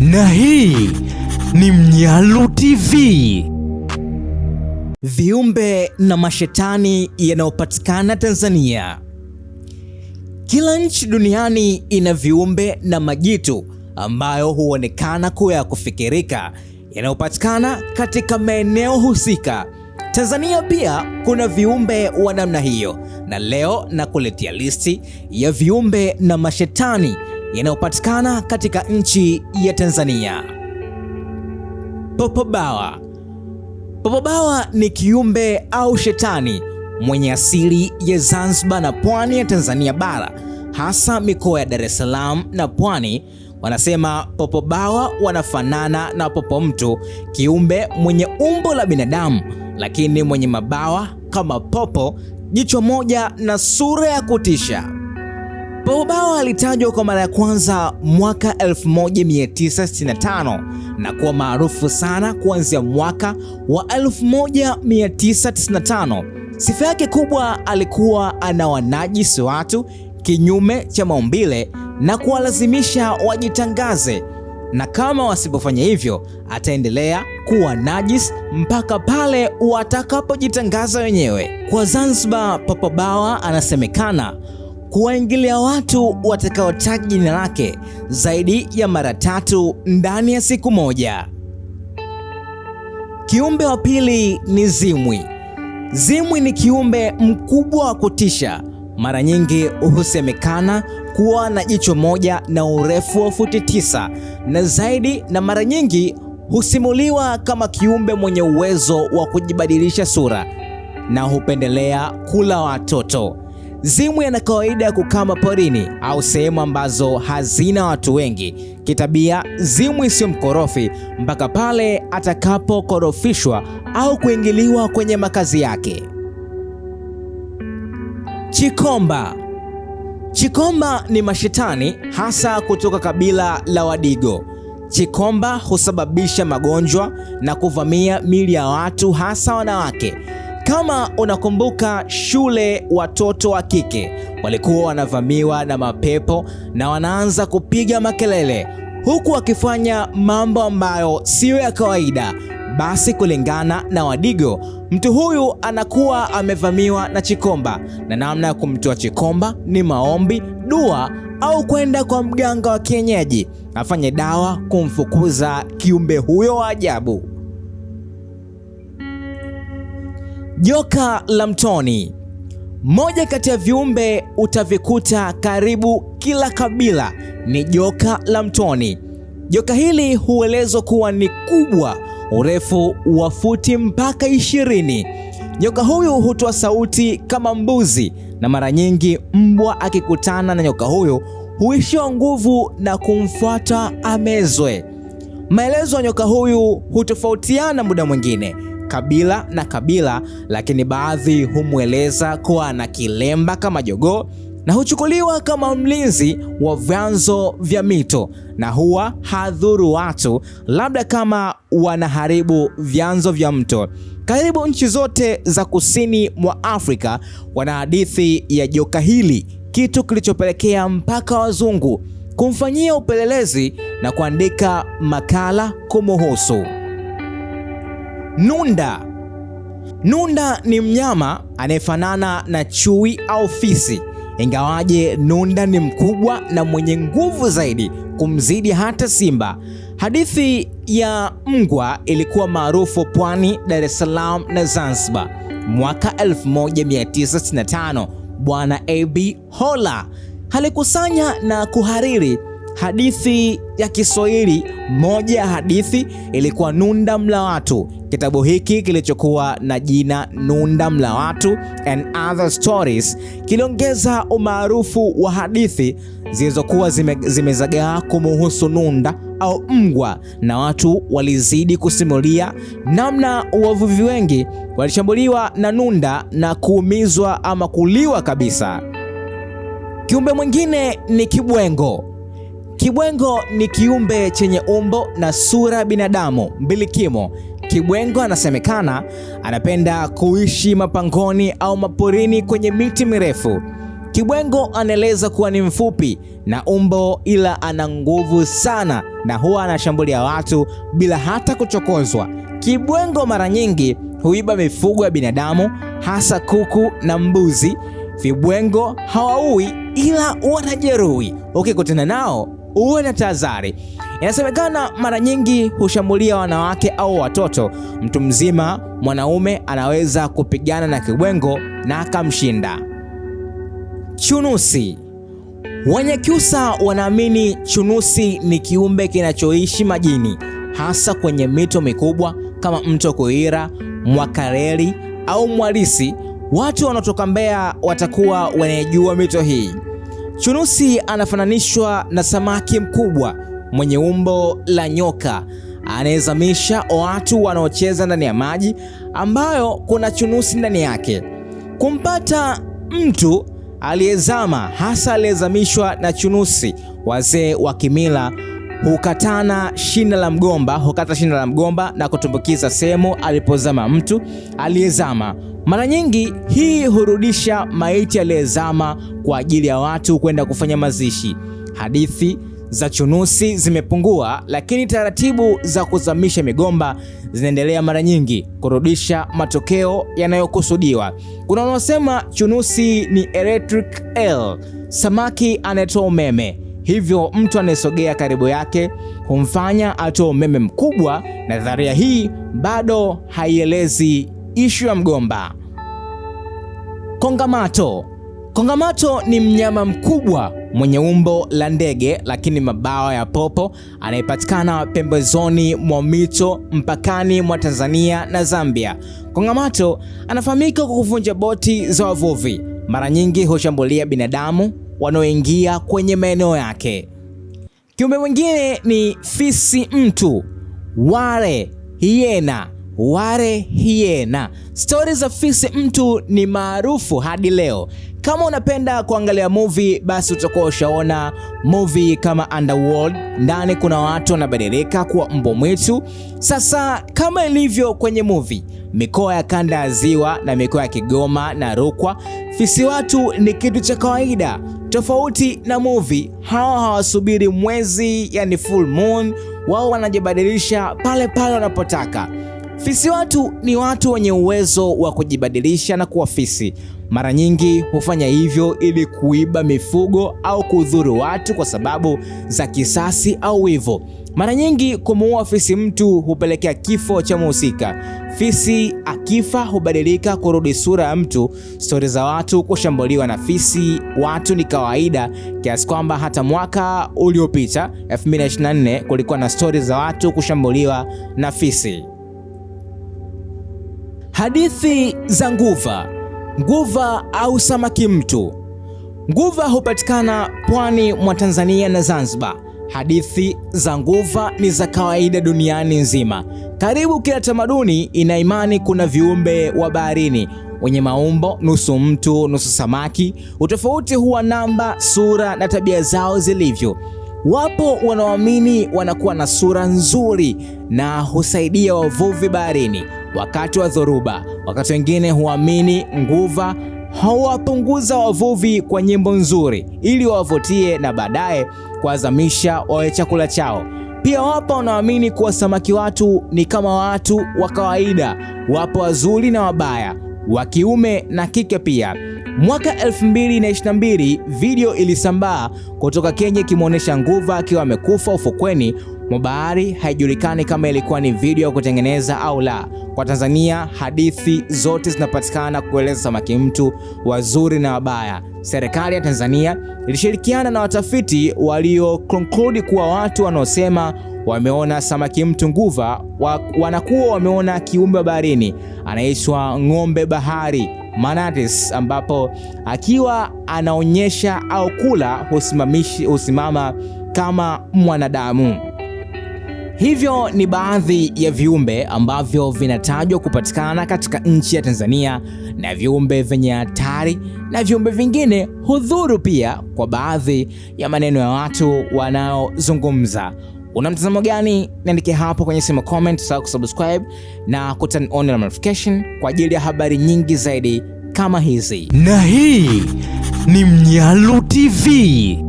Na hii ni Mnyalu TV. Viumbe na mashetani yanayopatikana Tanzania. Kila nchi duniani ina viumbe na majitu ambayo huonekana kuwa ya kufikirika yanayopatikana katika maeneo husika. Tanzania pia kuna viumbe wa namna hiyo, na leo nakuletea listi ya viumbe na mashetani yanayopatikana katika nchi ya Tanzania. Popo Bawa. Popo Bawa ni kiumbe au shetani mwenye asili ya Zanzibar na pwani ya Tanzania bara, hasa mikoa ya Dar es Salaam na Pwani. Wanasema popo bawa wanafanana na popo mtu, kiumbe mwenye umbo la binadamu lakini mwenye mabawa kama popo, jicho moja na sura ya kutisha. Bao alitajwa kwa mara ya kwanza mwaka 1965 na kuwa maarufu sana kuanzia mwaka wa 1995. Sifa yake kubwa alikuwa anawanajisi watu kinyume cha maumbile na kuwalazimisha wajitangaze, na kama wasipofanya hivyo ataendelea kuwa najis mpaka pale watakapojitangaza wenyewe. Kwa Zanzibar, Papa Bawa anasemekana huwaingilia watu watakaotaja jina lake zaidi ya mara tatu ndani ya siku moja. Kiumbe wa pili ni zimwi. Zimwi ni kiumbe mkubwa wa kutisha. Mara nyingi husemekana kuwa na jicho moja na urefu wa futi tisa na zaidi, na mara nyingi husimuliwa kama kiumbe mwenye uwezo wa kujibadilisha sura na hupendelea kula watoto. Zimwi ana kawaida ya kukama porini au sehemu ambazo hazina watu wengi. Kitabia, Zimwi sio mkorofi mpaka pale atakapokorofishwa au kuingiliwa kwenye makazi yake. Chikomba. Chikomba ni mashetani hasa kutoka kabila la Wadigo. Chikomba husababisha magonjwa na kuvamia miili ya watu hasa wanawake. Kama unakumbuka shule, watoto wa kike walikuwa wanavamiwa na mapepo na wanaanza kupiga makelele huku wakifanya mambo ambayo siyo ya kawaida. Basi kulingana na Wadigo, mtu huyu anakuwa amevamiwa na chikomba, na namna ya kumtoa chikomba ni maombi, dua au kwenda kwa mganga wa kienyeji afanye dawa kumfukuza kiumbe huyo wa ajabu. Joka la mtoni, moja kati ya viumbe utavikuta karibu kila kabila ni joka la mtoni. Joka hili huelezwa kuwa ni kubwa, urefu wa futi mpaka ishirini. Nyoka huyu hutoa sauti kama mbuzi, na mara nyingi mbwa akikutana na nyoka huyu huishiwa nguvu na kumfuata amezwe. Maelezo ya nyoka huyu hutofautiana muda mwingine kabila na kabila, lakini baadhi humweleza kuwa na kilemba kama jogoo na huchukuliwa kama mlinzi wa vyanzo vya mito na huwa hadhuru watu, labda kama wanaharibu vyanzo vya mto. Karibu nchi zote za kusini mwa Afrika wana hadithi ya joka hili, kitu kilichopelekea mpaka wazungu kumfanyia upelelezi na kuandika makala kumuhusu. Nunda. Nunda ni mnyama anayefanana na chui au fisi, ingawaje nunda ni mkubwa na mwenye nguvu zaidi kumzidi hata simba. Hadithi ya mbwa ilikuwa maarufu pwani, Dar es Salaam na Zanzibar. Mwaka 1965 Bwana AB Hola alikusanya na kuhariri Hadithi ya Kiswahili. Moja ya hadithi ilikuwa Nunda Mla Watu, kitabu hiki kilichokuwa na jina Nunda Mla Watu and Other Stories kiliongeza umaarufu wa hadithi zilizokuwa zime, zimezagaa kumuhusu Nunda au mbwa, na watu walizidi kusimulia namna wavuvi wengi walishambuliwa na Nunda na kuumizwa ama kuliwa kabisa. Kiumbe mwingine ni Kibwengo. Kibwengo ni kiumbe chenye umbo na sura binadamu mbilikimo. Kibwengo anasemekana anapenda kuishi mapangoni au maporini kwenye miti mirefu. Kibwengo anaeleza kuwa ni mfupi na umbo ila ana nguvu sana na huwa anashambulia watu bila hata kuchokozwa. Kibwengo mara nyingi huiba mifugo ya binadamu hasa kuku na mbuzi. Vibwengo hawaui ila wanajeruhi. Ukikutana nao uwe na tahadhari. Inasemekana mara nyingi hushambulia wanawake au watoto. Mtu mzima mwanaume anaweza kupigana na kibwengo na akamshinda. Chunusi. Wanyakyusa wanaamini chunusi ni kiumbe kinachoishi majini, hasa kwenye mito mikubwa kama mto Kuira, Mwakareli au Mwalisi. Watu wanaotoka Mbeya watakuwa wanajua mito hii. Chunusi anafananishwa na samaki mkubwa mwenye umbo la nyoka anayezamisha watu wanaocheza ndani ya maji ambayo kuna chunusi ndani yake. Kumpata mtu aliyezama, hasa aliyezamishwa na chunusi, wazee wa kimila hukatana shina la mgomba hukata shina la mgomba na kutumbukiza sehemu alipozama mtu aliyezama. Mara nyingi hii hurudisha maiti aliyezama kwa ajili ya watu kwenda kufanya mazishi. Hadithi za chunusi zimepungua, lakini taratibu za kuzamisha migomba zinaendelea mara nyingi kurudisha matokeo yanayokusudiwa. Kuna wanaosema chunusi ni electric eel, samaki anayetoa umeme, hivyo mtu anayesogea karibu yake humfanya atoe umeme mkubwa. Nadharia hii bado haielezi ishu ya mgomba. Kongamato. Kongamato ni mnyama mkubwa mwenye umbo la ndege lakini mabawa ya popo anayepatikana pembezoni mwa mito mpakani mwa Tanzania na Zambia. Kongamato anafahamika kwa kuvunja boti za wavuvi. Mara nyingi hushambulia binadamu wanaoingia kwenye maeneo yake. Kiumbe mwingine ni fisi mtu, ware, hiena ware hiena. Stori za fisi mtu ni maarufu hadi leo. Kama unapenda kuangalia movie, basi utakuwa ushaona movie kama Underworld. Ndani kuna watu wanabadilika kuwa mbwa mwitu. Sasa kama ilivyo kwenye movie, mikoa ya kanda ya ziwa na mikoa ya Kigoma na Rukwa, fisi watu ni kitu cha kawaida. Tofauti na movie, hawa hawasubiri mwezi, yani full moon. Wao wanajibadilisha pale pale wanapotaka. Fisi watu ni watu wenye uwezo wa kujibadilisha na kuwa fisi. Mara nyingi hufanya hivyo ili kuiba mifugo au kudhuru watu kwa sababu za kisasi au wivu. Mara nyingi kumuua fisi mtu hupelekea kifo cha mhusika. Fisi akifa hubadilika kurudi sura ya mtu. Stori za watu kushambuliwa na fisi watu ni kawaida kiasi kwamba hata mwaka uliopita 2024 kulikuwa na stori za watu kushambuliwa na fisi. Hadithi za nguva. Nguva au samaki mtu. Nguva hupatikana pwani mwa Tanzania na Zanzibar. Hadithi za nguva ni za kawaida duniani nzima. Karibu kila tamaduni ina imani kuna viumbe wa baharini wenye maumbo nusu mtu nusu samaki. Utofauti huwa namba, sura na tabia zao zilivyo. Wapo wanaoamini wanakuwa na sura nzuri na husaidia wavuvi baharini wakati wa dhoruba. Wakati wengine huamini nguva hawapunguza wavuvi kwa nyimbo nzuri ili wawavutie na baadaye kuwazamisha wawe chakula chao. Pia wapo wanaoamini kuwa samaki watu ni kama watu wa kawaida, wapo wazuri na wabaya, wa kiume na kike pia. Mwaka 2022 video ilisambaa kutoka Kenya ikimwonyesha Nguva akiwa amekufa ufukweni mwa bahari. Haijulikani kama ilikuwa ni video ya kutengeneza au la. Kwa Tanzania, hadithi zote zinapatikana kueleza samaki mtu, wazuri na wabaya. Serikali ya Tanzania ilishirikiana na watafiti waliokonkludi kuwa watu wanaosema wameona samaki mtu Nguva wanakuwa wameona kiumbe baharini anaitwa ng'ombe bahari. Manates, ambapo akiwa anaonyesha au kula husimama kama mwanadamu. Hivyo ni baadhi ya viumbe ambavyo vinatajwa kupatikana katika nchi ya Tanzania na viumbe vyenye hatari na viumbe vingine hudhuru pia kwa baadhi ya maneno ya watu wanaozungumza Una mtazamo gani? Niandike hapo kwenye simu comment, sawa kusubscribe na kuturn on the notification kwa ajili ya habari nyingi zaidi kama hizi, na hii ni Mnyalu TV.